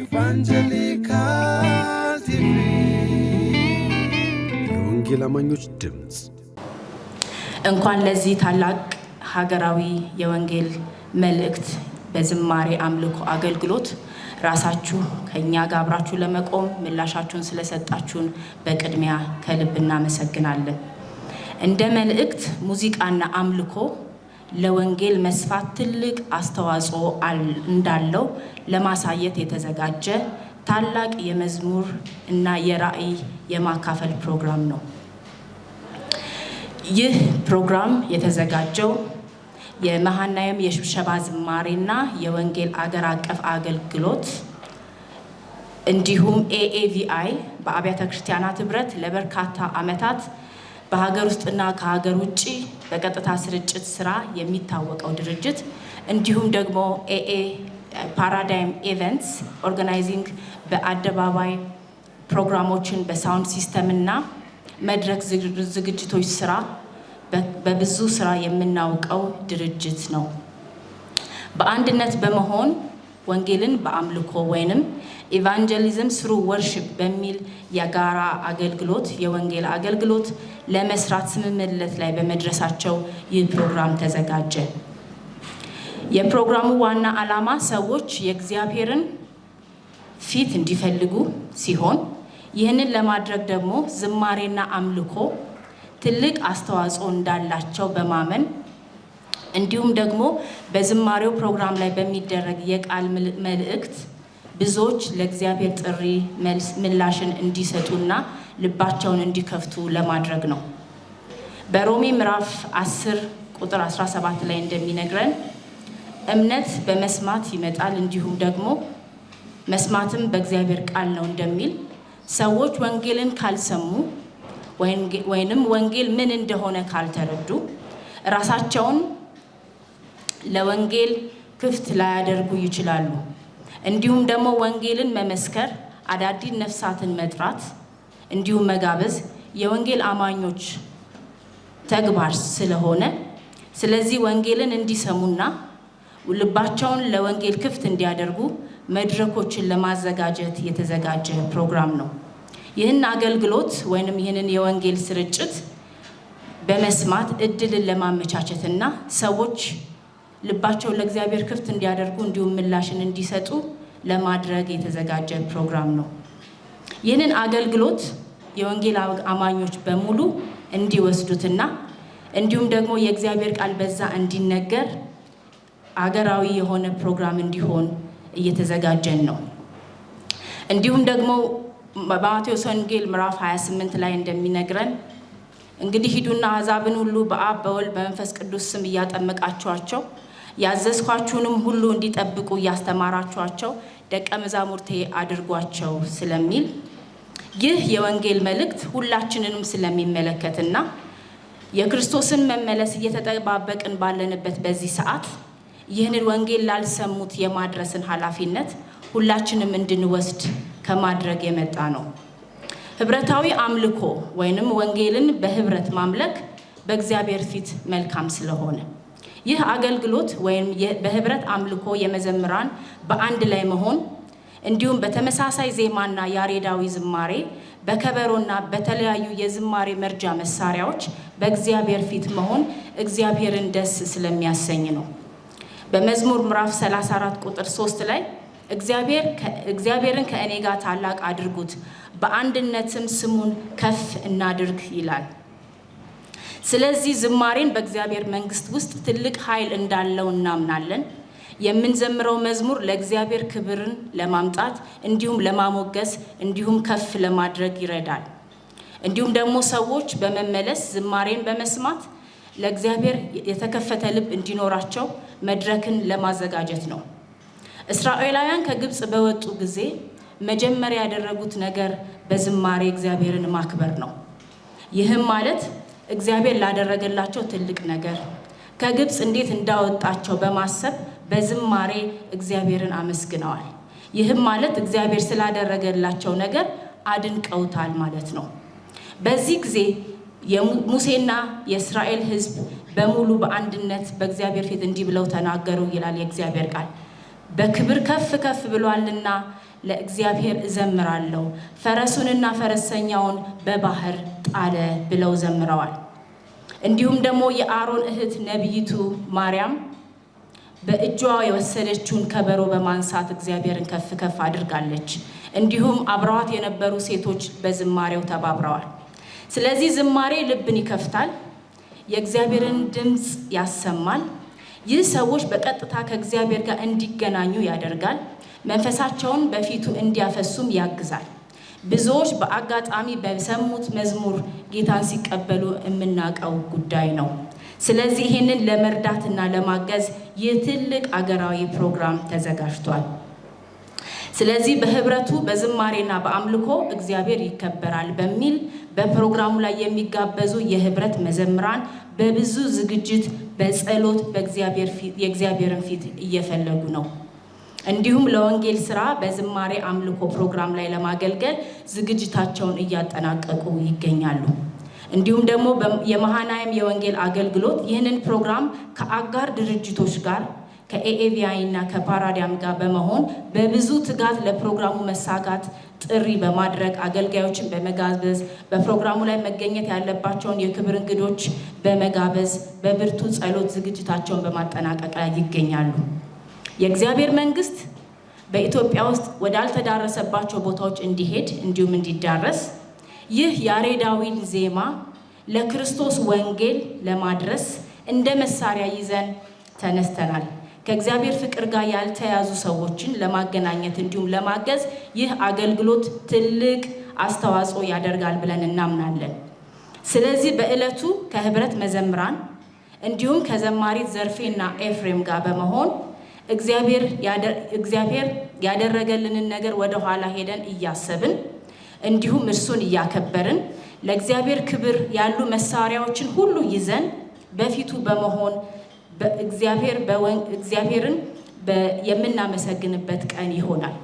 ኢቫንጀሊካል ቲቪ የወንጌል አማኞች ድምፅ። እንኳን ለዚህ ታላቅ ሀገራዊ የወንጌል መልእክት በዝማሬ አምልኮ አገልግሎት ራሳችሁ ከእኛ ጋር አብራችሁ ለመቆም ምላሻችሁን ስለሰጣችሁን በቅድሚያ ከልብ እናመሰግናለን። እንደ መልእክት ሙዚቃና አምልኮ ለወንጌል መስፋት ትልቅ አስተዋጽኦ እንዳለው ለማሳየት የተዘጋጀ ታላቅ የመዝሙር እና የራዕይ የማካፈል ፕሮግራም ነው። ይህ ፕሮግራም የተዘጋጀው የመሃናይም የሽብሸባ ዝማሬና የወንጌል አገር አቀፍ አገልግሎት እንዲሁም ኤኤቪአይ በአብያተ ክርስቲያናት ህብረት ለበርካታ ዓመታት በሀገር ውስጥና ከሀገር ውጭ በቀጥታ ስርጭት ስራ የሚታወቀው ድርጅት እንዲሁም ደግሞ ኤኤ ፓራዳይም ኢቨንትስ ኦርጋናይዚንግ በአደባባይ ፕሮግራሞችን በሳውንድ ሲስተም እና መድረክ ዝግጅቶች ስራ በብዙ ስራ የምናውቀው ድርጅት ነው። በአንድነት በመሆን ወንጌልን በአምልኮ ወይንም ኢቫንጀሊዝም ስሩ ወርሽፕ በሚል የጋራ አገልግሎት የወንጌል አገልግሎት ለመስራት ስምምነት ላይ በመድረሳቸው ይህ ፕሮግራም ተዘጋጀ። የፕሮግራሙ ዋና ዓላማ ሰዎች የእግዚአብሔርን ፊት እንዲፈልጉ ሲሆን ይህንን ለማድረግ ደግሞ ዝማሬና አምልኮ ትልቅ አስተዋጽኦ እንዳላቸው በማመን እንዲሁም ደግሞ በዝማሬው ፕሮግራም ላይ በሚደረግ የቃል መልእክት ብዙዎች ለእግዚአብሔር ጥሪ ምላሽን እንዲሰጡና ልባቸውን እንዲከፍቱ ለማድረግ ነው። በሮሜ ምዕራፍ 10 ቁጥር 17 ላይ እንደሚነግረን እምነት በመስማት ይመጣል፣ እንዲሁም ደግሞ መስማትም በእግዚአብሔር ቃል ነው እንደሚል ሰዎች ወንጌልን ካልሰሙ ወይንም ወንጌል ምን እንደሆነ ካልተረዱ ራሳቸውን ለወንጌል ክፍት ላያደርጉ ይችላሉ። እንዲሁም ደግሞ ወንጌልን መመስከር፣ አዳዲስ ነፍሳትን መጥራት እንዲሁም መጋበዝ የወንጌል አማኞች ተግባር ስለሆነ ስለዚህ ወንጌልን እንዲሰሙና ልባቸውን ለወንጌል ክፍት እንዲያደርጉ መድረኮችን ለማዘጋጀት የተዘጋጀ ፕሮግራም ነው። ይህን አገልግሎት ወይንም ይህንን የወንጌል ስርጭት በመስማት እድልን ለማመቻቸትና ሰዎች ልባቸውን ለእግዚአብሔር ክፍት እንዲያደርጉ እንዲሁም ምላሽን እንዲሰጡ ለማድረግ የተዘጋጀ ፕሮግራም ነው። ይህንን አገልግሎት የወንጌል አማኞች በሙሉ እንዲወስዱትና እንዲሁም ደግሞ የእግዚአብሔር ቃል በዛ እንዲነገር አገራዊ የሆነ ፕሮግራም እንዲሆን እየተዘጋጀን ነው። እንዲሁም ደግሞ በማቴዎስ ወንጌል ምዕራፍ 28 ላይ እንደሚነግረን እንግዲህ ሂዱና አሕዛብን ሁሉ በአብ በወልድ በመንፈስ ቅዱስ ስም እያጠመቃችኋቸው ያዘዝኳችሁንም ሁሉ እንዲጠብቁ እያስተማራችኋቸው ደቀ መዛሙርቴ አድርጓቸው ስለሚል ይህ የወንጌል መልእክት ሁላችንንም ስለሚመለከትና የክርስቶስን መመለስ እየተጠባበቅን ባለንበት በዚህ ሰዓት ይህንን ወንጌል ላልሰሙት የማድረስን ኃላፊነት ሁላችንም እንድንወስድ ከማድረግ የመጣ ነው። ህብረታዊ አምልኮ ወይንም ወንጌልን በህብረት ማምለክ በእግዚአብሔር ፊት መልካም ስለሆነ ይህ አገልግሎት ወይም በህብረት አምልኮ የመዘምራን በአንድ ላይ መሆን እንዲሁም በተመሳሳይ ዜማና ያሬዳዊ ዝማሬ በከበሮና በተለያዩ የዝማሬ መርጃ መሳሪያዎች በእግዚአብሔር ፊት መሆን እግዚአብሔርን ደስ ስለሚያሰኝ ነው። በመዝሙር ምዕራፍ 34 ቁጥር 3 ላይ እግዚአብሔርን ከእኔ ጋር ታላቅ አድርጉት፣ በአንድነትም ስሙን ከፍ እናድርግ ይላል። ስለዚህ ዝማሬን በእግዚአብሔር መንግስት ውስጥ ትልቅ ኃይል እንዳለው እናምናለን። የምንዘምረው መዝሙር ለእግዚአብሔር ክብርን ለማምጣት እንዲሁም ለማሞገስ እንዲሁም ከፍ ለማድረግ ይረዳል። እንዲሁም ደግሞ ሰዎች በመመለስ ዝማሬን በመስማት ለእግዚአብሔር የተከፈተ ልብ እንዲኖራቸው መድረክን ለማዘጋጀት ነው። እስራኤላውያን ከግብፅ በወጡ ጊዜ መጀመሪያ ያደረጉት ነገር በዝማሬ እግዚአብሔርን ማክበር ነው። ይህም ማለት እግዚአብሔር ላደረገላቸው ትልቅ ነገር ከግብፅ እንዴት እንዳወጣቸው በማሰብ በዝማሬ እግዚአብሔርን አመስግነዋል። ይህም ማለት እግዚአብሔር ስላደረገላቸው ነገር አድንቀውታል ማለት ነው። በዚህ ጊዜ የሙሴና የእስራኤል ሕዝብ በሙሉ በአንድነት በእግዚአብሔር ፊት እንዲህ ብለው ተናገሩ ይላል የእግዚአብሔር ቃል። በክብር ከፍ ከፍ ብሏልና ለእግዚአብሔር እዘምራለሁ፣ ፈረሱንና ፈረሰኛውን በባህር ጣለ ብለው ዘምረዋል። እንዲሁም ደግሞ የአሮን እህት ነቢይቱ ማርያም በእጇ የወሰደችውን ከበሮ በማንሳት እግዚአብሔርን ከፍ ከፍ አድርጋለች። እንዲሁም አብረዋት የነበሩ ሴቶች በዝማሬው ተባብረዋል። ስለዚህ ዝማሬ ልብን ይከፍታል፣ የእግዚአብሔርን ድምፅ ያሰማል። ይህ ሰዎች በቀጥታ ከእግዚአብሔር ጋር እንዲገናኙ ያደርጋል። መንፈሳቸውን በፊቱ እንዲያፈሱም ያግዛል። ብዙዎች በአጋጣሚ በሰሙት መዝሙር ጌታን ሲቀበሉ የምናውቀው ጉዳይ ነው። ስለዚህ ይህንን ለመርዳትና ለማገዝ ይህ ትልቅ አገራዊ ፕሮግራም ተዘጋጅቷል። ስለዚህ በህብረቱ በዝማሬና በአምልኮ እግዚአብሔር ይከበራል በሚል በፕሮግራሙ ላይ የሚጋበዙ የህብረት መዘምራን በብዙ ዝግጅት፣ በጸሎት የእግዚአብሔርን ፊት እየፈለጉ ነው። እንዲሁም ለወንጌል ስራ በዝማሬ አምልኮ ፕሮግራም ላይ ለማገልገል ዝግጅታቸውን እያጠናቀቁ ይገኛሉ። እንዲሁም ደግሞ የመሃናይም የወንጌል አገልግሎት ይህንን ፕሮግራም ከአጋር ድርጅቶች ጋር ከኤኤቪአይ እና ከፓራዲያም ጋር በመሆን በብዙ ትጋት ለፕሮግራሙ መሳካት ጥሪ በማድረግ አገልጋዮችን በመጋበዝ በፕሮግራሙ ላይ መገኘት ያለባቸውን የክብር እንግዶች በመጋበዝ በብርቱ ጸሎት ዝግጅታቸውን በማጠናቀቅ ላይ ይገኛሉ። የእግዚአብሔር መንግስት በኢትዮጵያ ውስጥ ወዳልተዳረሰባቸው ቦታዎች እንዲሄድ እንዲሁም እንዲዳረስ ይህ ያሬዳዊን ዜማ ለክርስቶስ ወንጌል ለማድረስ እንደ መሳሪያ ይዘን ተነስተናል። ከእግዚአብሔር ፍቅር ጋር ያልተያዙ ሰዎችን ለማገናኘት እንዲሁም ለማገዝ ይህ አገልግሎት ትልቅ አስተዋጽኦ ያደርጋል ብለን እናምናለን። ስለዚህ በዕለቱ ከህብረት መዘምራን እንዲሁም ከዘማሪት ዘርፌና ኤፍሬም ጋር በመሆን እግዚአብሔር ያደረገልንን ነገር ወደ ኋላ ሄደን እያሰብን እንዲሁም እርሱን እያከበርን ለእግዚአብሔር ክብር ያሉ መሳሪያዎችን ሁሉ ይዘን በፊቱ በመሆን እግዚአብሔርን የምናመሰግንበት ቀን ይሆናል።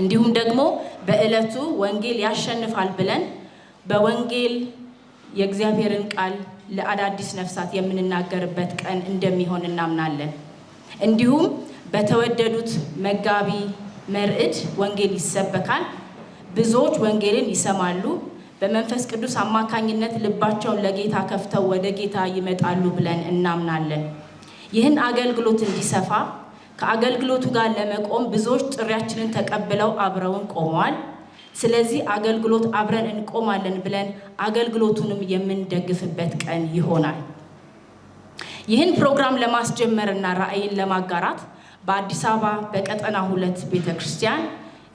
እንዲሁም ደግሞ በእለቱ ወንጌል ያሸንፋል ብለን በወንጌል የእግዚአብሔርን ቃል ለአዳዲስ ነፍሳት የምንናገርበት ቀን እንደሚሆን እናምናለን። እንዲሁም በተወደዱት መጋቢ መርዕድ ወንጌል ይሰበካል፣ ብዙዎች ወንጌልን ይሰማሉ፣ በመንፈስ ቅዱስ አማካኝነት ልባቸውን ለጌታ ከፍተው ወደ ጌታ ይመጣሉ ብለን እናምናለን። ይህን አገልግሎት እንዲሰፋ ከአገልግሎቱ ጋር ለመቆም ብዙዎች ጥሪያችንን ተቀብለው አብረውን ቆመዋል። ስለዚህ አገልግሎት አብረን እንቆማለን ብለን አገልግሎቱንም የምንደግፍበት ቀን ይሆናል። ይህን ፕሮግራም ለማስጀመርና ራዕይን ለማጋራት በአዲስ አበባ በቀጠና ሁለት ቤተ ክርስቲያን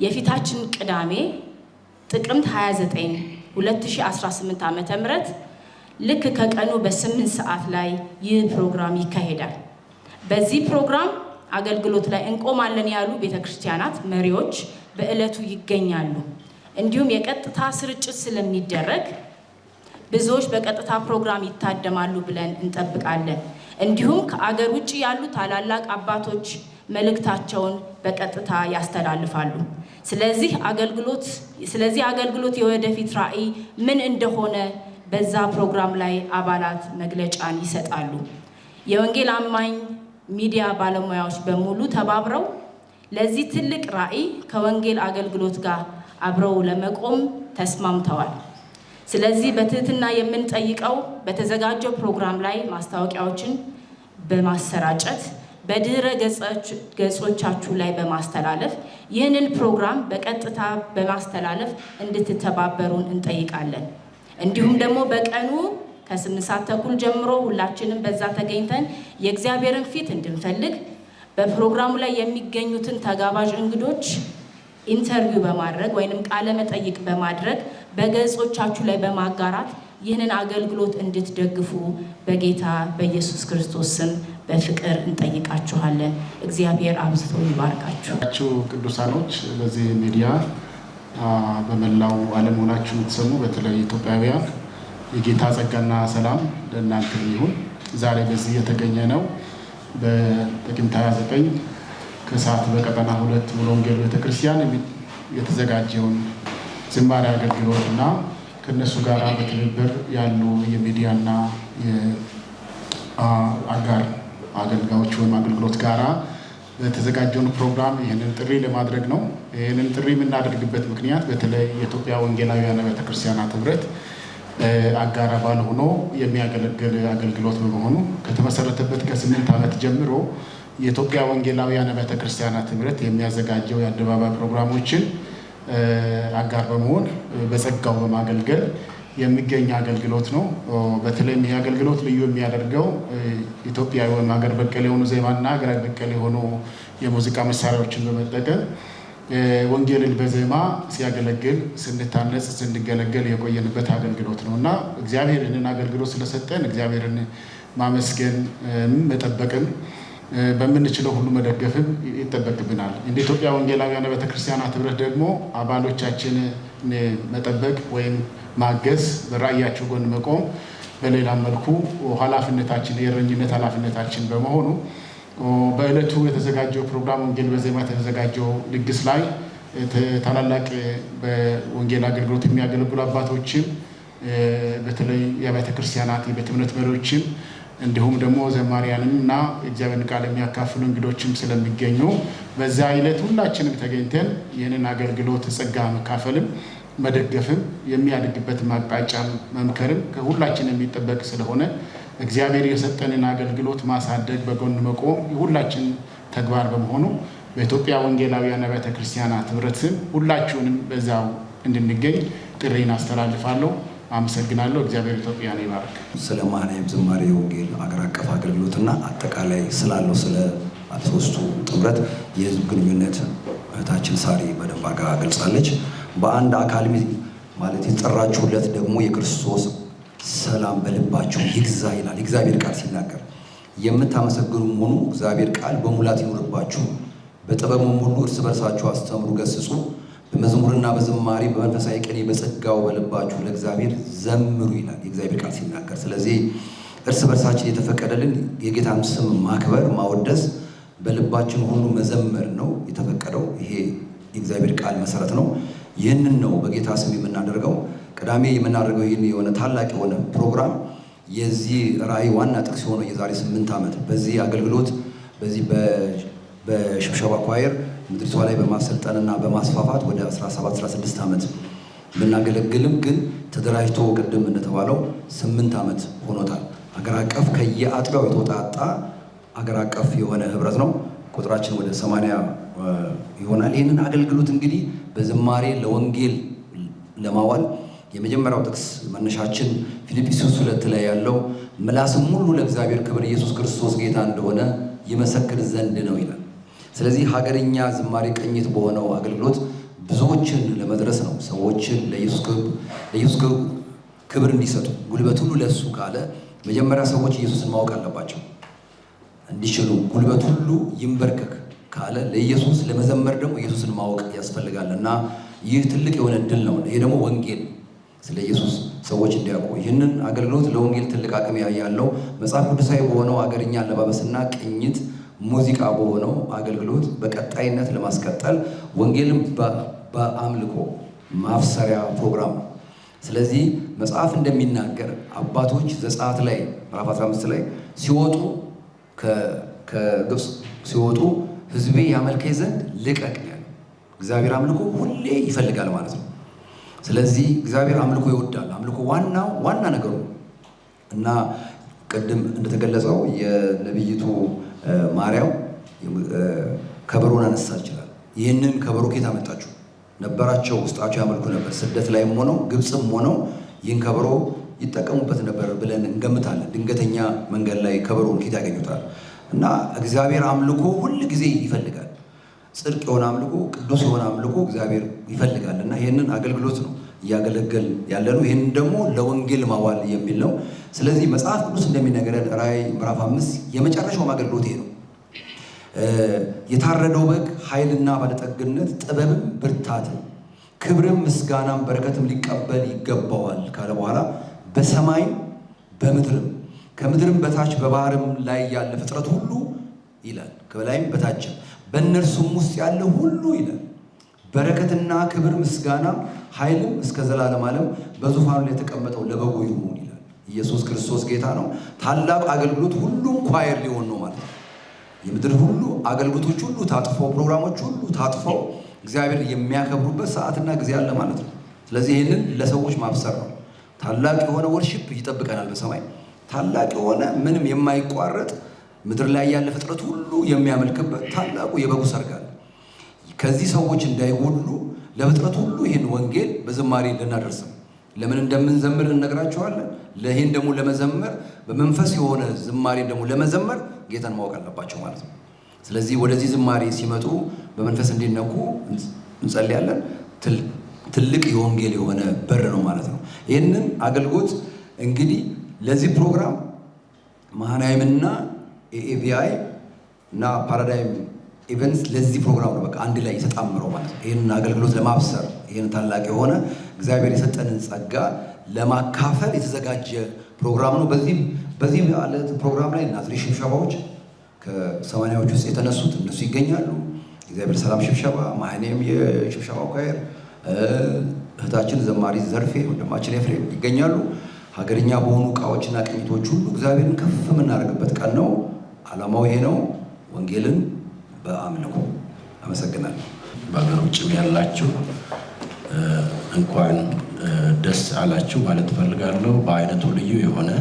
የፊታችን ቅዳሜ ጥቅምት 29 2018 ዓ ም ልክ ከቀኑ በስምንት ሰዓት ላይ ይህ ፕሮግራም ይካሄዳል። በዚህ ፕሮግራም አገልግሎት ላይ እንቆማለን ያሉ ቤተ ክርስቲያናት መሪዎች በዕለቱ ይገኛሉ። እንዲሁም የቀጥታ ስርጭት ስለሚደረግ ብዙዎች በቀጥታ ፕሮግራም ይታደማሉ ብለን እንጠብቃለን። እንዲሁም ከአገር ውጭ ያሉ ታላላቅ አባቶች መልእክታቸውን በቀጥታ ያስተላልፋሉ። ስለዚህ አገልግሎት ስለዚህ አገልግሎት የወደፊት ራዕይ ምን እንደሆነ በዛ ፕሮግራም ላይ አባላት መግለጫን ይሰጣሉ። የወንጌል አማኝ ሚዲያ ባለሙያዎች በሙሉ ተባብረው ለዚህ ትልቅ ራዕይ ከወንጌል አገልግሎት ጋር አብረው ለመቆም ተስማምተዋል። ስለዚህ በትህትና የምንጠይቀው በተዘጋጀው ፕሮግራም ላይ ማስታወቂያዎችን በማሰራጨት በድረ ገጾቻችሁ ላይ በማስተላለፍ ይህንን ፕሮግራም በቀጥታ በማስተላለፍ እንድትተባበሩን እንጠይቃለን። እንዲሁም ደግሞ በቀኑ ከስምንት ሰዓት ተኩል ጀምሮ ሁላችንም በዛ ተገኝተን የእግዚአብሔርን ፊት እንድንፈልግ በፕሮግራሙ ላይ የሚገኙትን ተጋባዥ እንግዶች ኢንተርቪው በማድረግ ወይንም ቃለ መጠይቅ በማድረግ በገጾቻችሁ ላይ በማጋራት ይህንን አገልግሎት እንድትደግፉ በጌታ በኢየሱስ ክርስቶስ ስም በፍቅር እንጠይቃችኋለን። እግዚአብሔር አብዝቶ ይባርካችሁ። ቅዱሳኖች በዚህ ሚዲያ በመላው ዓለም ሆናችሁ የምትሰሙ በተለይ ኢትዮጵያውያን የጌታ ጸጋና ሰላም ለእናንተ ይሁን። ዛሬ በዚህ የተገኘ ነው በጥቅምት 29 ከሰዓት በቀጠና ሁለት ውሎ ወንጌል ቤተክርስቲያን የተዘጋጀውን ዝማሬ አገልግሎት እና ከእነሱ ጋር በትብብር ያሉ የሚዲያና የአጋር አገልጋዮች ወይም አገልግሎት ጋራ በተዘጋጀውን ፕሮግራም ይህንን ጥሪ ለማድረግ ነው። ይህንን ጥሪ የምናደርግበት ምክንያት በተለይ የኢትዮጵያ ወንጌላውያን ቤተክርስቲያናት ህብረት አጋር አባል ሆኖ የሚያገለግል አገልግሎት በመሆኑ ከተመሰረተበት ከስምንት ዓመት ጀምሮ የኢትዮጵያ ወንጌላውያን አብያተ ክርስቲያናት ኅብረት የሚያዘጋጀው የአደባባይ ፕሮግራሞችን አጋር በመሆን በጸጋው በማገልገል የሚገኝ አገልግሎት ነው። በተለይም ይህ አገልግሎት ልዩ የሚያደርገው ኢትዮጵያዊ ወይም ሀገር በቀል የሆኑ ዜማና ሀገር በቀል የሆኑ የሙዚቃ መሳሪያዎችን በመጠቀም ወንጌልን በዜማ ሲያገለግል ስንታነጽ ስንገለገል የቆየንበት አገልግሎት ነው እና ይህንን አገልግሎት ስለሰጠን እግዚአብሔርን ማመስገን መጠበቅን በምንችለው ሁሉ መደገፍም ይጠበቅብናል። እንደ ኢትዮጵያ ወንጌላውያን ቤተክርስቲያናት ህብረት ደግሞ አባሎቻችን መጠበቅ ወይም ማገዝ፣ በራእያቸው ጎን መቆም በሌላ መልኩ ኃላፊነታችን የእረኝነት ኃላፊነታችን በመሆኑ በእለቱ የተዘጋጀው ፕሮግራም ወንጌል በዜማ የተዘጋጀው ድግስ ላይ ታላላቅ በወንጌል አገልግሎት የሚያገለግሉ አባቶችም በተለይ የቤተክርስቲያናት ክርስቲያናት የቤተ እምነት መሪዎችም እንዲሁም ደግሞ ዘማሪያንም እና እግዚአብሔርን ቃል የሚያካፍሉ እንግዶችም ስለሚገኙ በዛ ዕለት ሁላችንም ተገኝተን ይህንን አገልግሎት ጸጋ መካፈልም መደገፍም የሚያድግበት አቅጣጫ መምከርም ከሁላችን የሚጠበቅ ስለሆነ እግዚአብሔር የሰጠንን አገልግሎት ማሳደግ በጎን መቆም የሁላችን ተግባር በመሆኑ በኢትዮጵያ ወንጌላውያን አብያተ ክርስቲያናት ኅብረት ስም ሁላችሁንም በዛው እንድንገኝ ጥሪን አስተላልፋለሁ። አመሰግናለሁ። እግዚአብሔር ኢትዮጵያን ይባርክ። ስለ መሃናይም ዝማሬ ወንጌል አገር አቀፍ አገልግሎትና አጠቃላይ ስላለው ስለ ሶስቱ ጥምረት የህዝብ ግንኙነት እህታችን ሳሪ በደንብ አጋ ገልጻለች። በአንድ አካል ማለት የጠራችሁለት ደግሞ የክርስቶስ ሰላም በልባችሁ ይግዛ ይላል እግዚአብሔር ቃል ሲናገር የምታመሰግኑ መሆኑ እግዚአብሔር ቃል በሙላት ይኖርባችሁ፣ በጥበብም ሁሉ እርስ በርሳችሁ አስተምሩ፣ ገስጹ በመዝሙርና በዝማሬ በመንፈሳዊ ቅኔ በጸጋው በልባችሁ ለእግዚአብሔር ዘምሩ ይላል የእግዚአብሔር ቃል ሲናገር። ስለዚህ እርስ በርሳችን የተፈቀደልን የጌታን ስም ማክበር ማወደስ በልባችን ሁሉ መዘመር ነው የተፈቀደው። ይሄ የእግዚአብሔር ቃል መሰረት ነው። ይህንን ነው በጌታ ስም የምናደርገው። ቅዳሜ የምናደርገው ይህን የሆነ ታላቅ የሆነ ፕሮግራም የዚህ ራእይ ዋና ጥቅስ የሆነው የዛሬ ስምንት ዓመት በዚህ አገልግሎት በዚህ በሽብሸባ ኳየር ምድሪቷ ላይ በማሰልጠንና በማስፋፋት ወደ 1716 ዓመት ብናገለግልም ግን ተደራጅቶ ቅድም እንደተባለው ስምንት ዓመት ሆኖታል። አገር አቀፍ ከየአጥቢያው የተወጣጣ አገር አቀፍ የሆነ ህብረት ነው። ቁጥራችን ወደ ሰማንያ ይሆናል። ይህንን አገልግሎት እንግዲህ በዝማሬ ለወንጌል ለማዋል የመጀመሪያው ጥቅስ መነሻችን ፊልጵስዩስ ሁለት ላይ ያለው ምላስም ሁሉ ለእግዚአብሔር ክብር ኢየሱስ ክርስቶስ ጌታ እንደሆነ ይመሰክር ዘንድ ነው ይላል። ስለዚህ ሀገርኛ ዝማሬ ቅኝት በሆነው አገልግሎት ብዙዎችን ለመድረስ ነው። ሰዎችን ለኢየሱስ ክብር እንዲሰጡ ጉልበት ሁሉ ለእሱ ካለ መጀመሪያ ሰዎች ኢየሱስን ማወቅ አለባቸው እንዲችሉ ጉልበት ሁሉ ይንበርከክ ካለ ለኢየሱስ ለመዘመር ደግሞ ኢየሱስን ማወቅ ያስፈልጋል እና ይህ ትልቅ የሆነ ድል ነው። ይሄ ደግሞ ወንጌል ስለ ኢየሱስ ሰዎች እንዲያውቁ ይህንን አገልግሎት ለወንጌል ትልቅ አቅም ያለው መጽሐፍ ቅዱሳዊ በሆነው አገርኛ አለባበስና ቅኝት ሙዚቃ በሆነው አገልግሎት በቀጣይነት ለማስቀጠል ወንጌልን በአምልኮ ማፍሰሪያ ፕሮግራም ነው። ስለዚህ መጽሐፍ እንደሚናገር አባቶች ዘጸአት ላይ ምዕራፍ 15 ላይ ሲወጡ ከግብፅ ሲወጡ ህዝቤ ያመልከኝ ዘንድ ልቀቅ ያለ እግዚአብሔር አምልኮ ሁሌ ይፈልጋል ማለት ነው። ስለዚህ እግዚአብሔር አምልኮ ይወዳል። አምልኮ ዋና ዋና ነገሩ እና ቅድም እንደተገለጸው የነቢይቱ ማርያም ከበሮን አነሳ ይችላል። ይህንን ከበሮ ኬት አመጣችሁ? ነበራቸው፣ ውስጣቸው ያመልኩ ነበር። ስደት ላይም ሆነው ግብፅም ሆነው ይህን ከበሮ ይጠቀሙበት ነበር ብለን እንገምታለን። ድንገተኛ መንገድ ላይ ከበሮን ኬት ያገኙታል? እና እግዚአብሔር አምልኮ ሁል ጊዜ ይፈልጋል። ጽድቅ የሆነ አምልኮ፣ ቅዱስ የሆነ አምልኮ እግዚአብሔር ይፈልጋል። እና ይህንን አገልግሎት ነው እያገለገል ያለ ነው። ይህንን ደግሞ ለወንጌል ማዋል የሚል ነው። ስለዚህ መጽሐፍ ቅዱስ እንደሚነገረን ራእይ ምዕራፍ አምስት የመጨረሻውም አገልግሎት ነው። የታረደው በግ ኃይልና ባለጠግነት፣ ጥበብም ብርታትም፣ ክብርም ምስጋናም በረከትም ሊቀበል ይገባዋል ካለ በኋላ በሰማይም በምድርም ከምድርም በታች በባህርም ላይ ያለ ፍጥረት ሁሉ ይላል ከበላይም በታችም በእነርሱም ውስጥ ያለ ሁሉ ይላል በረከትና ክብር ምስጋና ኃይልም እስከ ዘላለም ዓለም በዙፋኑ ላይ የተቀመጠው ለበጎ ይሁን። ኢየሱስ ክርስቶስ ጌታ ነው። ታላቅ አገልግሎት ሁሉም ኳየር ሊሆን ነው ማለት ነው። የምድር ሁሉ አገልግሎቶች ሁሉ ታጥፈው፣ ፕሮግራሞች ሁሉ ታጥፈው እግዚአብሔር የሚያከብሩበት ሰዓትና ጊዜ አለ ማለት ነው። ስለዚህ ይህንን ለሰዎች ማብሰር ነው። ታላቅ የሆነ ወርሺፕ ይጠብቀናል በሰማይ ታላቅ የሆነ ምንም የማይቋረጥ ምድር ላይ ያለ ፍጥረት ሁሉ የሚያመልክበት ታላቁ የበጉ ሰርግ አለ። ከዚህ ሰዎች እንዳይጎሉ ለፍጥረት ሁሉ ይህን ወንጌል በዝማሬ እንድናደርስም ለምን እንደምንዘምር እነግራችኋለን። ለይህን ደግሞ ለመዘመር በመንፈስ የሆነ ዝማሬ ደግሞ ለመዘመር ጌታን ማወቅ አለባቸው ማለት ነው። ስለዚህ ወደዚህ ዝማሬ ሲመጡ በመንፈስ እንዲነኩ እንጸልያለን። ትልቅ የወንጌል የሆነ በር ነው ማለት ነው። ይህንን አገልግሎት እንግዲህ ለዚህ ፕሮግራም መሃናይምና ኤኤቪአይ እና ፓራዳይም ኢቨንትስ ለዚህ ፕሮግራም ነው በቃ አንድ ላይ የተጣምረው ማለት ነው። ይህንን አገልግሎት ለማብሰር ይህን ታላቅ የሆነ እግዚአብሔር የሰጠንን ጸጋ ለማካፈል የተዘጋጀ ፕሮግራም ነው። በዚህም በዚህ ፕሮግራም ላይ ናዝሬት ሽብሸባዎች ከሰማንያዎች ውስጥ የተነሱት እነሱ ይገኛሉ። እግዚአብሔር ሰላም ሽብሸባ ማህኔም የሽብሸባ ኳየር እህታችን ዘማሪ ዘርፌ ወንድማችን ኤፍሬም ይገኛሉ። ሀገርኛ በሆኑ እቃዎችና ቅኝቶች ሁሉ እግዚአብሔርን ከፍ የምናደርግበት ቀን ነው። ዓላማው ይሄ ነው፣ ወንጌልን በአምልኮ። አመሰግናለሁ። በአገር ውጭም ያላችሁ እንኳን ደስ አላችሁ ማለት እፈልጋለሁ። በአይነቱ ልዩ የሆነ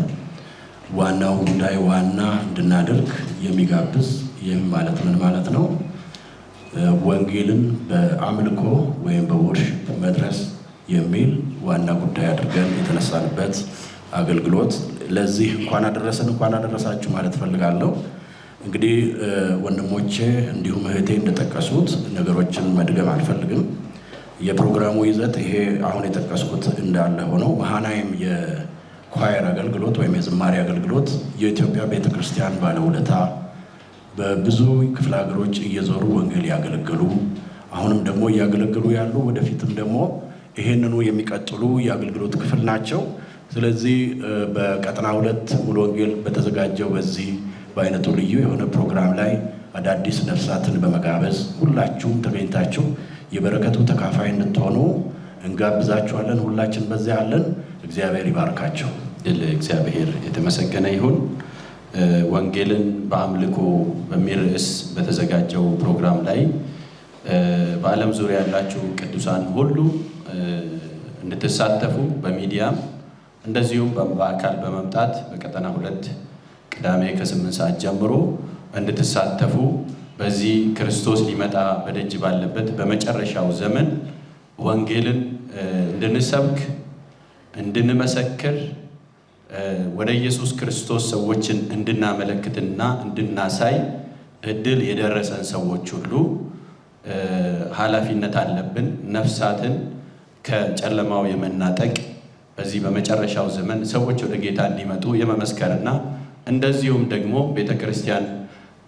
ዋናው ጉዳይ ዋና እንድናደርግ የሚጋብዝ ይህም ማለት ምን ማለት ነው? ወንጌልን በአምልኮ ወይም በወርሽፕ መድረስ የሚል ዋና ጉዳይ አድርገን የተነሳንበት አገልግሎት ለዚህ እንኳን አደረሰን እንኳን አደረሳችሁ ማለት እፈልጋለሁ። እንግዲህ ወንድሞቼ እንዲሁም እህቴ እንደጠቀሱት ነገሮችን መድገም አልፈልግም። የፕሮግራሙ ይዘት ይሄ አሁን የጠቀስኩት እንዳለ ሆነው መሃናይም የኳየር አገልግሎት ወይም የዝማሬ አገልግሎት የኢትዮጵያ ቤተክርስቲያን ባለውለታ በብዙ ክፍለ ሀገሮች እየዞሩ ወንጌል ያገለገሉ አሁንም ደግሞ እያገለገሉ ያሉ ወደፊትም ደግሞ ይሄንኑ የሚቀጥሉ የአገልግሎት ክፍል ናቸው። ስለዚህ በቀጠና ሁለት ሙሉ ወንጌል በተዘጋጀው በዚህ በአይነቱ ልዩ የሆነ ፕሮግራም ላይ አዳዲስ ነፍሳትን በመጋበዝ ሁላችሁም ተገኝታችሁ የበረከቱ ተካፋይ እንድትሆኑ እንጋብዛችኋለን። ሁላችን በዚያ አለን። እግዚአብሔር ይባርካቸው። እግዚአብሔር የተመሰገነ ይሁን። ወንጌልን በአምልኮ በሚል ርዕስ በተዘጋጀው ፕሮግራም ላይ በዓለም ዙሪያ ያላችሁ ቅዱሳን ሁሉ እንድትሳተፉ በሚዲያም እንደዚሁም በአካል በመምጣት በቀጠና ሁለት ቅዳሜ ከስምንት ሰዓት ጀምሮ እንድትሳተፉ በዚህ ክርስቶስ ሊመጣ በደጅ ባለበት በመጨረሻው ዘመን ወንጌልን እንድንሰብክ እንድንመሰክር ወደ ኢየሱስ ክርስቶስ ሰዎችን እንድናመለክትና እንድናሳይ እድል የደረሰን ሰዎች ሁሉ ኃላፊነት አለብን። ነፍሳትን ከጨለማው የመናጠቅ በዚህ በመጨረሻው ዘመን ሰዎች ወደ ጌታ እንዲመጡ የመመስከርና እንደዚሁም ደግሞ ቤተ ክርስቲያን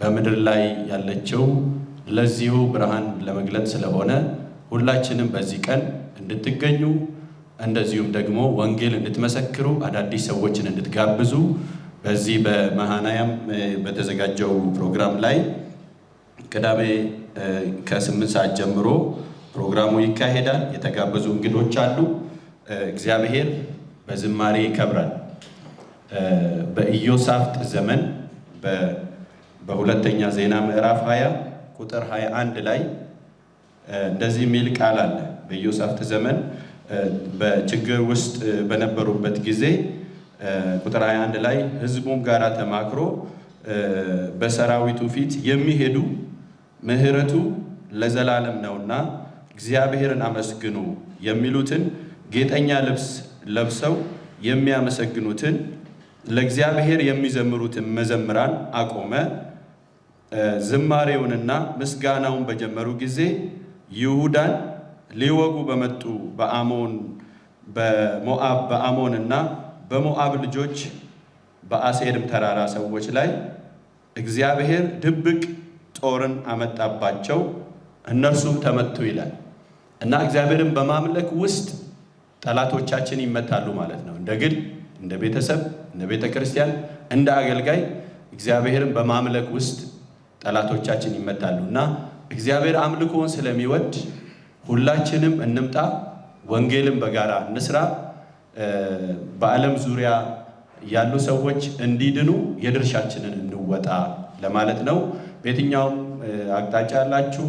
በምድር ላይ ያለችው ለዚሁ ብርሃን ለመግለጥ ስለሆነ ሁላችንም በዚህ ቀን እንድትገኙ እንደዚሁም ደግሞ ወንጌል እንድትመሰክሩ አዳዲስ ሰዎችን እንድትጋብዙ በዚህ በመሃናያም በተዘጋጀው ፕሮግራም ላይ ቅዳሜ ከስምንት ሰዓት ጀምሮ ፕሮግራሙ ይካሄዳል። የተጋበዙ እንግዶች አሉ። እግዚአብሔር በዝማሬ ይከብራል። በኢዮሳፍጥ ዘመን በሁለተኛ ዜና ምዕራፍ 20 ቁጥር 21 ላይ እንደዚህ የሚል ቃል አለ። በኢዮሳፍት ዘመን በችግር ውስጥ በነበሩበት ጊዜ ቁጥር 21 ላይ ህዝቡም ጋር ተማክሮ በሰራዊቱ ፊት የሚሄዱ ምሕረቱ ለዘላለም ነውና እግዚአብሔርን አመስግኑ የሚሉትን ጌጠኛ ልብስ ለብሰው የሚያመሰግኑትን ለእግዚአብሔር የሚዘምሩትን መዘምራን አቆመ። ዝማሬውንና ምስጋናውን በጀመሩ ጊዜ ይሁዳን ሊወጉ በመጡ በአሞን በሞአብ በአሞንና እና በሞአብ ልጆች በአሴርም ተራራ ሰዎች ላይ እግዚአብሔር ድብቅ ጦርን አመጣባቸው፣ እነርሱም ተመቱ ይላል እና እግዚአብሔርን በማምለክ ውስጥ ጠላቶቻችን ይመታሉ ማለት ነው። እንደ ግል፣ እንደ ቤተሰብ፣ እንደ ቤተ ክርስቲያን፣ እንደ አገልጋይ እግዚአብሔርን በማምለክ ውስጥ ጠላቶቻችን ይመታሉ እና እግዚአብሔር አምልኮውን ስለሚወድ ሁላችንም እንምጣ፣ ወንጌልን በጋራ እንስራ። በዓለም ዙሪያ ያሉ ሰዎች እንዲድኑ የድርሻችንን እንወጣ ለማለት ነው። በየትኛውም አቅጣጫ ያላችሁ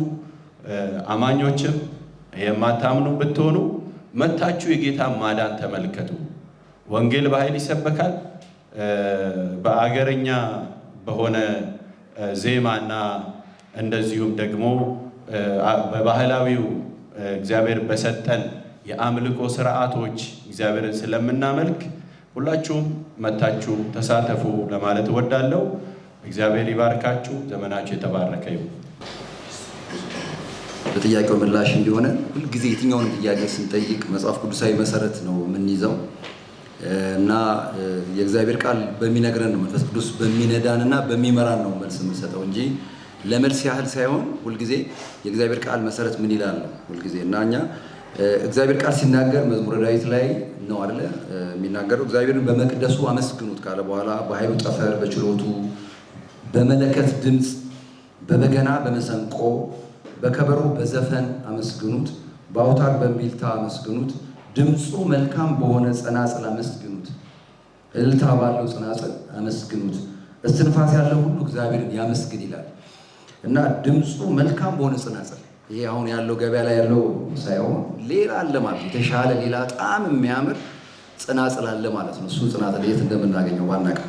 አማኞችም የማታምኑ ብትሆኑ መታችሁ የጌታ ማዳን ተመልከቱ። ወንጌል በኃይል ይሰበካል። በአገረኛ በሆነ ዜማና እንደዚሁም ደግሞ በባህላዊው እግዚአብሔር በሰጠን የአምልኮ ስርዓቶች እግዚአብሔርን ስለምናመልክ ሁላችሁም መታችሁ ተሳተፉ ለማለት እወዳለሁ። እግዚአብሔር ይባርካችሁ። ዘመናችሁ የተባረከ ይሁን። በጥያቄው ምላሽ እንዲሆነ ሁልጊዜ የትኛውን ጥያቄ ስንጠይቅ መጽሐፍ ቅዱሳዊ መሰረት ነው የምንይዘው። እና የእግዚአብሔር ቃል በሚነግረን ነው መንፈስ ቅዱስ በሚነዳን እና በሚመራን ነው መልስ የምንሰጠው እንጂ ለመልስ ያህል ሳይሆን ሁልጊዜ የእግዚአብሔር ቃል መሰረት ምን ይላል ነው ሁልጊዜ እና እኛ እግዚአብሔር ቃል ሲናገር መዝሙረ ዳዊት ላይ ነው አለ የሚናገረው እግዚአብሔርን በመቅደሱ አመስግኑት ካለ በኋላ በኃይሉ ጠፈር በችሎቱ በመለከት ድምፅ በበገና በመሰንቆ በከበሮ በዘፈን አመስግኑት በአውታር በሚልታ አመስግኑት ድምፁ መልካም በሆነ ጸናጽል አመስግኑት፣ እልታ ባለው ጸናጽል አመስግኑት፣ እስትንፋስ ያለው ሁሉ እግዚአብሔርን ያመስግን ይላል እና ድምፁ መልካም በሆነ ጸናጽል፣ ይሄ አሁን ያለው ገበያ ላይ ያለው ሳይሆን ሌላ አለ ማለት የተሻለ ሌላ በጣም የሚያምር ጽናጽል አለ ማለት ነው። እሱ ጸናጽል የት እንደምናገኘው ባናቀ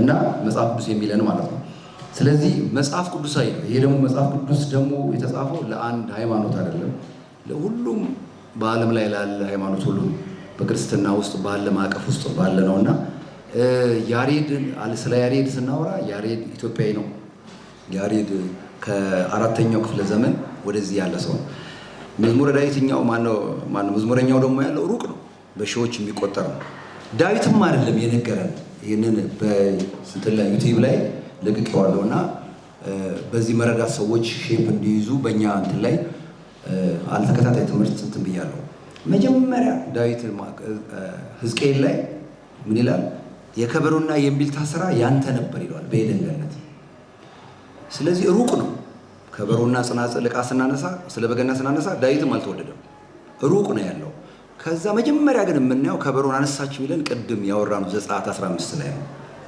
እና መጽሐፍ ቅዱስ የሚለን ማለት ነው። ስለዚህ መጽሐፍ ቅዱሳዊ ነው። ይሄ ደግሞ መጽሐፍ ቅዱስ ደግሞ የተጻፈው ለአንድ ሃይማኖት አይደለም ለሁሉም በዓለም ላይ ላለ ሃይማኖት ሁሉ በክርስትና ውስጥ ባለ ማዕቀፍ ውስጥ ባለ ነው እና ያሬድ ስለ ያሬድ ስናወራ ያሬድ ኢትዮጵያዊ ነው። ያሬድ ከአራተኛው ክፍለ ዘመን ወደዚህ ያለ ሰው ነው። መዝሙረ ዳዊትኛው ማነው ማነው መዝሙረኛው ደግሞ ያለው ሩቅ ነው፣ በሺዎች የሚቆጠር ነው። ዳዊትም አይደለም የነገረን ይህንን በስንትን ላይ ዩቲዩብ ላይ ለቅቄዋለሁ እና በዚህ መረዳት ሰዎች ሼፕ እንዲይዙ በእኛ እንትን ላይ አልተከታታይ ትምህርት እንትን ብያለሁ። መጀመሪያ ዳዊት ህዝቅኤል ላይ ምን ይላል? የከበሮና የእምቢልታ ስራ ያንተ ነበር ይለዋል በኤደን ገነት። ስለዚህ ሩቅ ነው። ከበሮና ጽናጽል ዕቃ ስናነሳ ስለ በገና ስናነሳ ዳዊትም አልተወደደም፣ ሩቅ ነው ያለው። ከዛ መጀመሪያ ግን የምናየው ከበሮን አነሳችሁ ይለን ቅድም ያወራነው ዘጸአት 15 ላይ ነው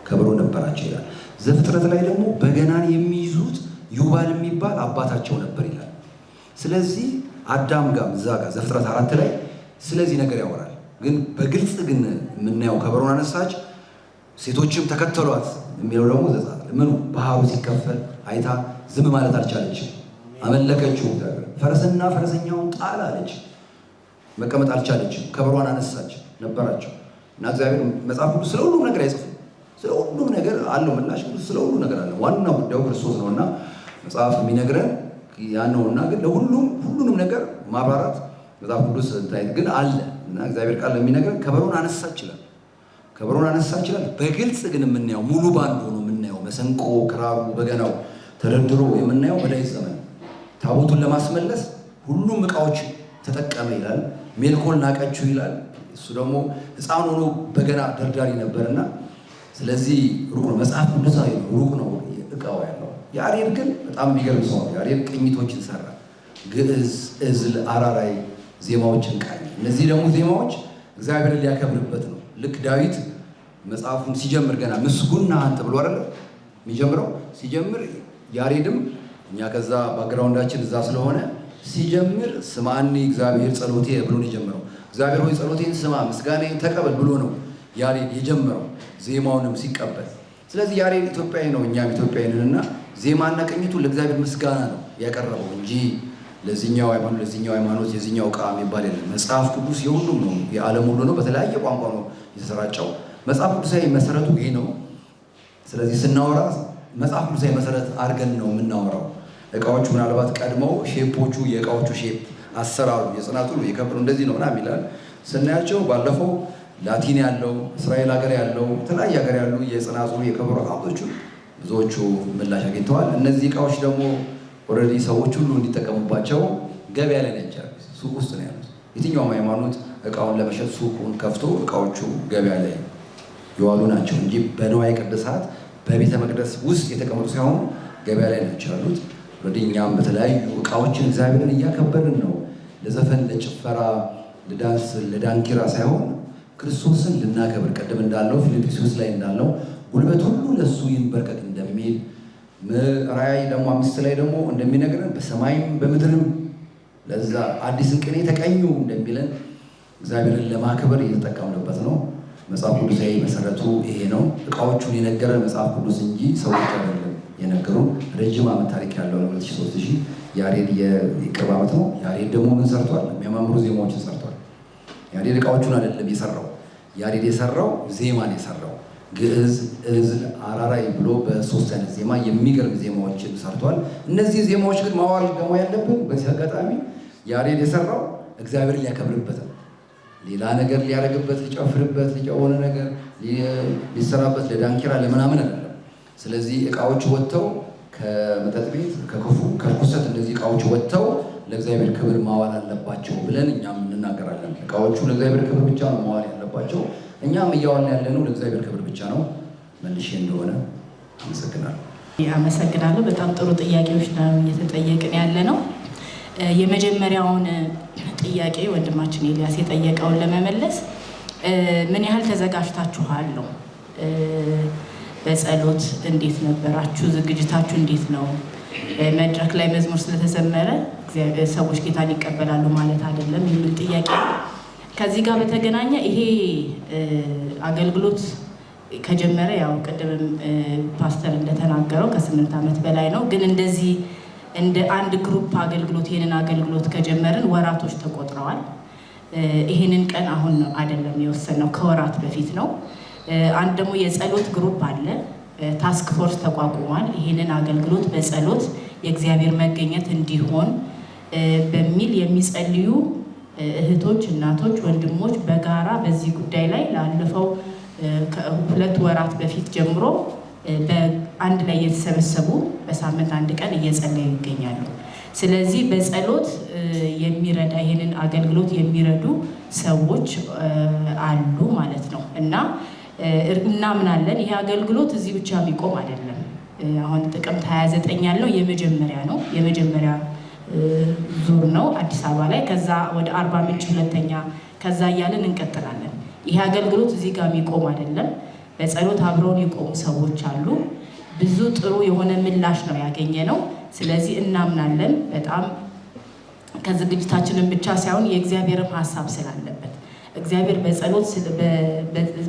ከበሮ ነበራቸው ይላል። ዘፍጥረት ላይ ደግሞ በገናን የሚይዙት ዩባል የሚባል አባታቸው ነበር ይላል። ስለዚህ አዳም ጋር እዛ ጋር ዘፍጥረት አራት ላይ ስለዚህ ነገር ያወራል። ግን በግልጽ ግን የምናየው ከበሮን አነሳች ሴቶችም ተከተሏት የሚለው ደግሞ ዘጻት ምኑ ባህሩ ሲከፈል አይታ ዝም ማለት አልቻለች፣ አመለከችው። ፈረስና ፈረሰኛውን ጣል አለች፣ መቀመጥ አልቻለችም። ከበሮን አነሳች ነበራቸው እና እግዚአብሔር መጽሐፍ ቅዱስ ስለ ሁሉም ነገር አይጽፍም። ስለ ሁሉም ነገር አለው ምላሽ፣ ስለ ሁሉ ነገር አለ። ዋናው ጉዳዩ ክርስቶስ ነው እና መጽሐፍ የሚነግረን ያ ነው እና ግን ለሁሉም ሁሉንም ነገር ማብራራት መጽሐፍ ቅዱስ እንትን ግን አለ እና እግዚአብሔር ቃል ለሚነገር ከበሮን አነሳ ይችላል፣ ከበሮን አነሳ ይችላል። በግልጽ ግን የምናየው ሙሉ ባንድ ሆኖ የምናየው መሰንቆ፣ ክራሩ፣ በገናው ተደርድሮ የምናየው በዳዊት ዘመን ታቦቱን ለማስመለስ ሁሉም እቃዎች ተጠቀመ ይላል። ሜልኮል ናቀችው ይላል። እሱ ደግሞ ሕፃን ሆኖ በገና ደርዳሪ ነበርና ስለዚህ ሩቅ ነው መጽሐፍ ቅዱሳዊ ነው ሩቅ ነው እቃው ያለ ያሬድ ግን በጣም የሚገርም ሰው ነው። ያሬድ ቅኝቶችን ሰራ። ግዕዝ፣ እዝል፣ አራራይ ዜማዎችን ቃኝ። እነዚህ ደግሞ ዜማዎች እግዚአብሔርን ሊያከብርበት ነው። ልክ ዳዊት መጽሐፉን ሲጀምር ገና ምስጉና አንተ ብሎ አይደለ የሚጀምረው? ሲጀምር ያሬድም እኛ ከዛ ባግራውንዳችን እዛ ስለሆነ ሲጀምር ስማኒ እግዚአብሔር ጸሎቴ ብሎ ነው የጀመረው። እግዚአብሔር ሆይ ጸሎቴን ስማ ምስጋናዬን ተቀበል ብሎ ነው ያሬድ የጀመረው ዜማውንም ሲቀበል። ስለዚህ ያሬድ ኢትዮጵያዊ ነው፣ እኛም ኢትዮጵያዊ ነን እና ዜማና ቅኝቱ ለእግዚአብሔር ምስጋና ነው ያቀረበው እንጂ ለዚኛው ሃይማኖት ለዚኛው ሃይማኖት የዚኛው ዕቃ የሚባል የለም። መጽሐፍ ቅዱስ የሁሉም ነው፣ የዓለም ሁሉ ነው። በተለያየ ቋንቋ ነው የተሰራጨው። መጽሐፍ ቅዱሳዊ መሰረቱ ይሄ ነው። ስለዚህ ስናወራ መጽሐፍ ቅዱሳዊ መሰረት አድርገን ነው የምናወራው። እቃዎቹ ምናልባት ቀድመው ሼፖቹ የእቃዎቹ ሼፕ አሰራሩ የጽናቱ የከብሩ እንደዚህ ነው ምናምን ይላል ስናያቸው ባለፈው ላቲን ያለው እስራኤል ሀገር ያለው የተለያየ ሀገር ያሉ የጽናቱ የከብሩ ሀብቶቹ ብዙዎቹ ምላሽ አግኝተዋል። እነዚህ እቃዎች ደግሞ ኦልሬዲ ሰዎች ሁሉ እንዲጠቀሙባቸው ገበያ ላይ ነጃ ሱቅ ውስጥ ነው ያሉት። የትኛውም ሃይማኖት እቃውን ለመሸጥ ሱቁን ከፍቶ እቃዎቹ ገበያ ላይ የዋሉ ናቸው እንጂ በንዋየ ቅድሳት በቤተ መቅደስ ውስጥ የተቀመጡ ሳይሆኑ ገበያ ላይ ናቸው ያሉት። ኦልሬዲ እኛም በተለያዩ እቃዎችን እግዚአብሔርን እያከበርን ነው፣ ለዘፈን፣ ለጭፈራ፣ ለዳንስ፣ ለዳንኪራ ሳይሆን ክርስቶስን ልናከብር ቅድም እንዳለው ፊልጵስዩስ ላይ እንዳለው ጉልበት ሁሉ ለእሱ ይንበርከክ እንደሚል ራእይ ደግሞ አምስት ላይ ደግሞ እንደሚነግረን በሰማይም በምድርም ለዛ አዲስን ቅኔ ተቀኙ እንደሚለን እግዚአብሔርን ለማክበር እየተጠቀምንበት ነው። መጽሐፍ ቅዱሳዊ መሰረቱ ይሄ ነው። እቃዎቹን የነገረ መጽሐፍ ቅዱስ እንጂ ሰዎች አይደለም የነገሩ። ረጅም ዓመት ታሪክ ያለው ነው። 2003 ያሬድ የቅርብ ዓመት ነው። ያሬድ ደግሞ ምን ሰርቷል? የሚያማምሩ ዜማዎችን ሰርቷል። ያሬድ እቃዎቹን አይደለም የሰራው። ያሬድ የሰራው ዜማን የሰራው ግዕዝ፣ እዝል፣ አራራይ ብሎ በሶስት አይነት ዜማ የሚገርም ዜማዎችን ሰርተዋል። እነዚህ ዜማዎች ግን ማዋል ደግሞ ያለብን በዚህ አጋጣሚ ያሬድ የሰራው እግዚአብሔር ሊያከብርበት ሌላ ነገር ሊያደርግበት፣ ሊጨፍርበት፣ ሊጨሆነ ነገር ሊሰራበት፣ ለዳንኪራ ለምናምን አይደለም። ስለዚህ እቃዎች ወጥተው ከመጠጥ ቤት ከክፉ ከርኩሰት እነዚህ እቃዎች ወጥተው ለእግዚአብሔር ክብር ማዋል አለባቸው ብለን እኛም እንናገራለን። እቃዎቹ ለእግዚአብሔር ክብር ብቻ ነው ማዋል ያለባቸው። እኛም እያዋና ያለነው ለእግዚአብሔር ክብር ብቻ ነው። መልሼ እንደሆነ አመሰግናለሁ። አመሰግናለሁ። በጣም ጥሩ ጥያቄዎች ነው እየተጠየቅን ያለ ነው። የመጀመሪያውን ጥያቄ ወንድማችን ኤልያስ የጠየቀውን ለመመለስ ምን ያህል ተዘጋጅታችኋል ነው። በጸሎት እንዴት ነበራችሁ? ዝግጅታችሁ እንዴት ነው? መድረክ ላይ መዝሙር ስለተዘመረ ሰዎች ጌታን ይቀበላሉ ማለት አይደለም የሚል ጥያቄ ነው። ከዚህ ጋር በተገናኘ ይሄ አገልግሎት ከጀመረ ያው ቅድምም ፓስተር እንደተናገረው ከስምንት ዓመት በላይ ነው። ግን እንደዚህ እንደ አንድ ግሩፕ አገልግሎት ይህንን አገልግሎት ከጀመርን ወራቶች ተቆጥረዋል። ይህንን ቀን አሁን አይደለም የወሰነው፣ ከወራት በፊት ነው። አንድ ደግሞ የጸሎት ግሩፕ አለ፣ ታስክ ፎርስ ተቋቁሟል። ይህንን አገልግሎት በጸሎት የእግዚአብሔር መገኘት እንዲሆን በሚል የሚጸልዩ እህቶች፣ እናቶች፣ ወንድሞች በጋራ በዚህ ጉዳይ ላይ ላለፈው ሁለት ወራት በፊት ጀምሮ በአንድ ላይ የተሰበሰቡ በሳምንት አንድ ቀን እየጸለዩ ይገኛሉ። ስለዚህ በጸሎት የሚረዳ ይህንን አገልግሎት የሚረዱ ሰዎች አሉ ማለት ነው እና እናምናለን ይህ አገልግሎት እዚህ ብቻ የሚቆም አይደለም። አሁን ጥቅምት 29 ያለው የመጀመሪያ ነው የመጀመሪያ ዙር ነው አዲስ አበባ ላይ፣ ከዛ ወደ አርባ ምንጭ ሁለተኛ፣ ከዛ እያለን እንቀጥላለን። ይሄ አገልግሎት እዚህ ጋር የሚቆም አይደለም። በጸሎት አብረውን የቆሙ ሰዎች አሉ። ብዙ ጥሩ የሆነ ምላሽ ነው ያገኘ ነው። ስለዚህ እናምናለን በጣም ከዝግጅታችንን ብቻ ሳይሆን የእግዚአብሔርም ሀሳብ ስላለበት እግዚአብሔር በጸሎት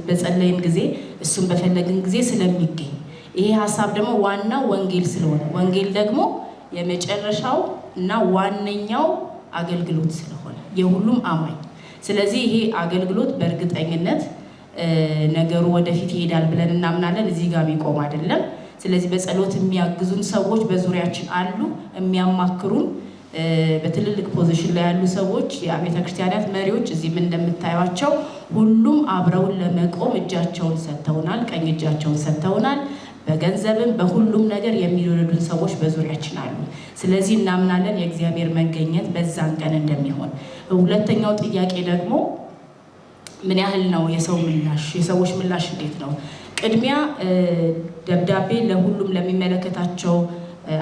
በጸለይን ጊዜ እሱን በፈለግን ጊዜ ስለሚገኝ ይሄ ሀሳብ ደግሞ ዋናው ወንጌል ስለሆነ ወንጌል ደግሞ የመጨረሻው እና ዋነኛው አገልግሎት ስለሆነ የሁሉም አማኝ ስለዚህ ይሄ አገልግሎት በእርግጠኝነት ነገሩ ወደፊት ይሄዳል ብለን እናምናለን። እዚህ ጋር የሚቆም አይደለም። ስለዚህ በጸሎት የሚያግዙን ሰዎች በዙሪያችን አሉ፣ የሚያማክሩን በትልልቅ ፖዚሽን ላይ ያሉ ሰዎች፣ የቤተ ክርስቲያናት መሪዎች እዚህም እንደምታዩቸው ሁሉም አብረውን ለመቆም እጃቸውን ሰጥተውናል፣ ቀኝ እጃቸውን ሰጥተውናል። በገንዘብም በሁሉም ነገር የሚወደዱን ሰዎች በዙሪያችን አሉ። ስለዚህ እናምናለን የእግዚአብሔር መገኘት በዛን ቀን እንደሚሆን። ሁለተኛው ጥያቄ ደግሞ ምን ያህል ነው የሰው ምላሽ? የሰዎች ምላሽ እንዴት ነው? ቅድሚያ ደብዳቤ ለሁሉም ለሚመለከታቸው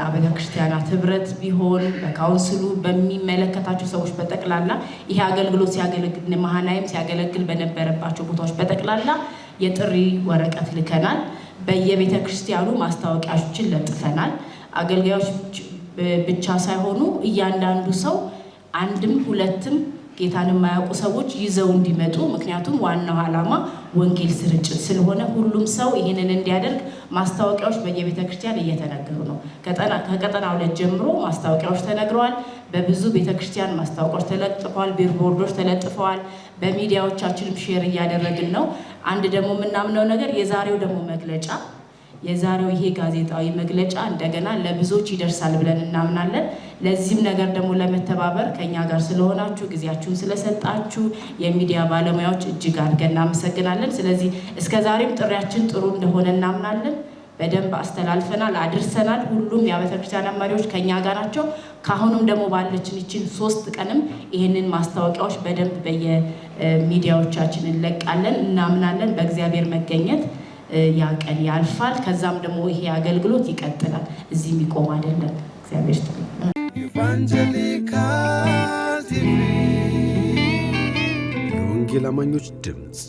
አብያተ ክርስቲያናት ህብረት ቢሆን በካውንስሉ በሚመለከታቸው ሰዎች በጠቅላላ ይሄ አገልግሎት ሲያገለግል መሃናይም ሲያገለግል በነበረባቸው ቦታዎች በጠቅላላ የጥሪ ወረቀት ልከናል። በየቤተ ክርስቲያኑ ማስታወቂያዎችን ለጥፈናል። አገልጋዮች ብቻ ሳይሆኑ እያንዳንዱ ሰው አንድም ሁለትም ጌታን የማያውቁ ሰዎች ይዘው እንዲመጡ ምክንያቱም ዋናው ዓላማ ወንጌል ስርጭት ስለሆነ ሁሉም ሰው ይህንን እንዲያደርግ ማስታወቂያዎች በየቤተ ክርስቲያን እየተነገሩ ነው። ከቀጠና ሁለት ጀምሮ ማስታወቂያዎች ተነግረዋል። በብዙ ቤተ ክርስቲያን ማስታወቂያዎች ተለጥፈዋል። ቢልቦርዶች ተለጥፈዋል። በሚዲያዎቻችንም ሼር እያደረግን ነው። አንድ ደግሞ የምናምነው ነገር የዛሬው ደግሞ መግለጫ የዛሬው ይሄ ጋዜጣዊ መግለጫ እንደገና ለብዙዎች ይደርሳል ብለን እናምናለን። ለዚህም ነገር ደግሞ ለመተባበር ከኛ ጋር ስለሆናችሁ ጊዜያችሁን ስለሰጣችሁ የሚዲያ ባለሙያዎች እጅግ አድርገን እናመሰግናለን። ስለዚህ እስከ ዛሬም ጥሪያችን ጥሩ እንደሆነ እናምናለን። በደንብ አስተላልፈናል፣ አድርሰናል። ሁሉም የአብያተ ክርስቲያን መሪዎች ከኛ ጋር ናቸው። ከአሁኑም ደግሞ ባለችን ይችን ሶስት ቀንም ይህንን ማስታወቂያዎች በደንብ በየሚዲያዎቻችን እንለቃለን። እናምናለን በእግዚአብሔር መገኘት ያ ቀን ያልፋል። ከዛም ደግሞ ይሄ አገልግሎት ይቀጥላል፣ እዚህም ይቆም አይደለም። እግዚአብሔር የወንጌል አማኞች ድምፅ